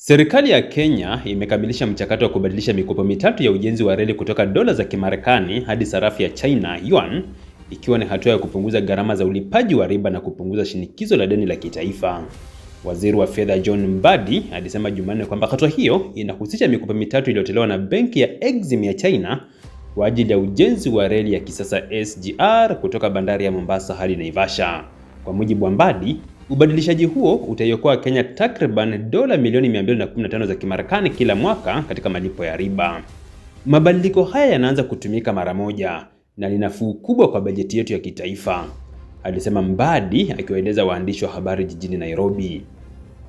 Serikali ya Kenya imekamilisha mchakato wa kubadilisha mikopo mitatu ya ujenzi wa reli kutoka dola za Kimarekani hadi sarafu ya China yuan, ikiwa ni hatua ya kupunguza gharama za ulipaji wa riba na kupunguza shinikizo la deni la kitaifa. Waziri wa Fedha John Mbadi alisema Jumanne kwamba hatua hiyo inahusisha mikopo mitatu iliyotolewa na benki ya Exim ya China kwa ajili ya ujenzi wa reli ya kisasa SGR kutoka bandari ya Mombasa hadi Naivasha. Kwa mujibu wa Mbadi, Ubadilishaji huo utaiokoa Kenya takriban dola milioni 215 za Kimarekani kila mwaka katika malipo ya riba. Mabadiliko haya yanaanza kutumika mara moja na ni nafuu kubwa kwa bajeti yetu ya kitaifa, alisema Mbadi akiwaeleza waandishi wa habari jijini Nairobi.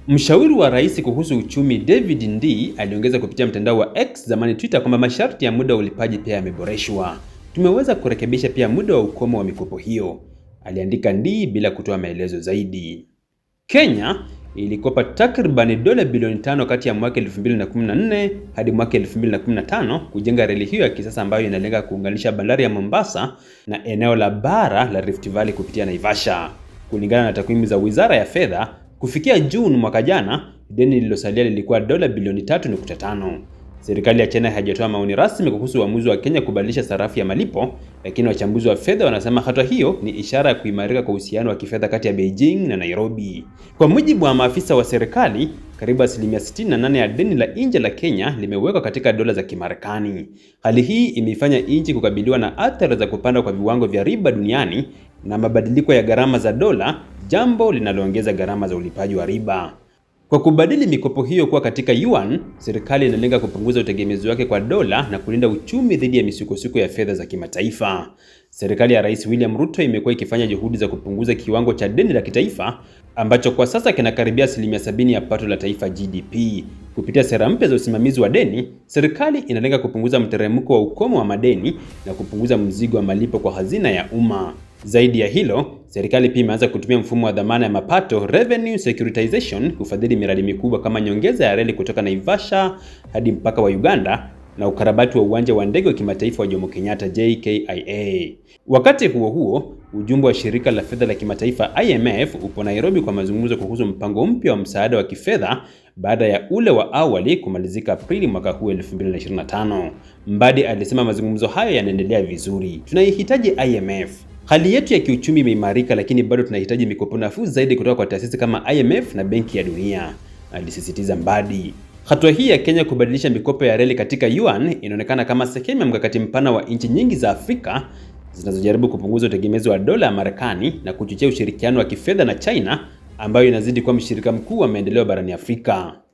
Mshauri wa rais kuhusu uchumi David Ndi aliongeza kupitia mtandao wa X zamani Twitter kwamba masharti ya muda wa ulipaji pia yameboreshwa. Tumeweza kurekebisha pia muda wa ukomo wa mikopo hiyo, aliandika Ndi bila kutoa maelezo zaidi. Kenya ilikopa takribani dola bilioni tano kati ya mwaka 2014 hadi mwaka 2015 kujenga reli hiyo ya kisasa ambayo inalenga kuunganisha bandari ya Mombasa na eneo la bara la Rift Valley kupitia Naivasha. Kulingana na takwimu za Wizara ya Fedha, kufikia Juni mwaka jana, deni lililosalia lilikuwa dola bilioni 3.5. Serikali ya China haijatoa maoni rasmi kuhusu uamuzi wa Kenya kubadilisha sarafu ya malipo, lakini wachambuzi wa fedha wanasema hatua hiyo ni ishara ya kuimarika kwa uhusiano wa kifedha kati ya Beijing na Nairobi. Kwa mujibu wa maafisa wa serikali, karibu asilimia 68 ya deni la nje la Kenya limewekwa katika dola za Kimarekani. Hali hii imeifanya nchi kukabiliwa na athari za kupanda kwa viwango vya riba duniani na mabadiliko ya gharama za dola, jambo linaloongeza gharama za ulipaji wa riba. Kwa kubadili mikopo hiyo kuwa katika yuan, serikali inalenga kupunguza utegemezi wake kwa dola na kulinda uchumi dhidi ya misukosuko ya fedha za kimataifa. Serikali ya Rais William Ruto imekuwa ikifanya juhudi za kupunguza kiwango cha deni la kitaifa ambacho kwa sasa kinakaribia asilimia sabini ya pato la taifa GDP. Kupitia sera mpya za usimamizi wa deni, serikali inalenga kupunguza mteremko wa ukomo wa madeni na kupunguza mzigo wa malipo kwa hazina ya umma. Zaidi ya hilo, Serikali pia imeanza kutumia mfumo wa dhamana ya mapato revenue securitization kufadhili miradi mikubwa kama nyongeza ya reli kutoka Naivasha hadi mpaka wa Uganda na ukarabati wa uwanja wa ndege wa kimataifa wa Jomo Kenyatta JKIA. Wakati huo huo, ujumbe wa shirika la fedha la kimataifa IMF upo Nairobi kwa mazungumzo kuhusu mpango mpya wa msaada wa kifedha baada ya ule wa awali kumalizika Aprili mwaka huu 2025. Mbadi alisema mazungumzo hayo yanaendelea vizuri. Tunaihitaji IMF Hali yetu ya kiuchumi imeimarika, lakini bado tunahitaji mikopo nafuu zaidi kutoka kwa taasisi kama IMF na Benki ya Dunia, alisisitiza Mbadi. Hatua hii ya Kenya kubadilisha mikopo ya reli katika yuan inaonekana kama sehemu ya mkakati mpana wa nchi nyingi za Afrika zinazojaribu kupunguza utegemezi wa dola ya Marekani na kuchochea ushirikiano wa kifedha na China ambayo inazidi kuwa mshirika mkuu wa maendeleo barani Afrika.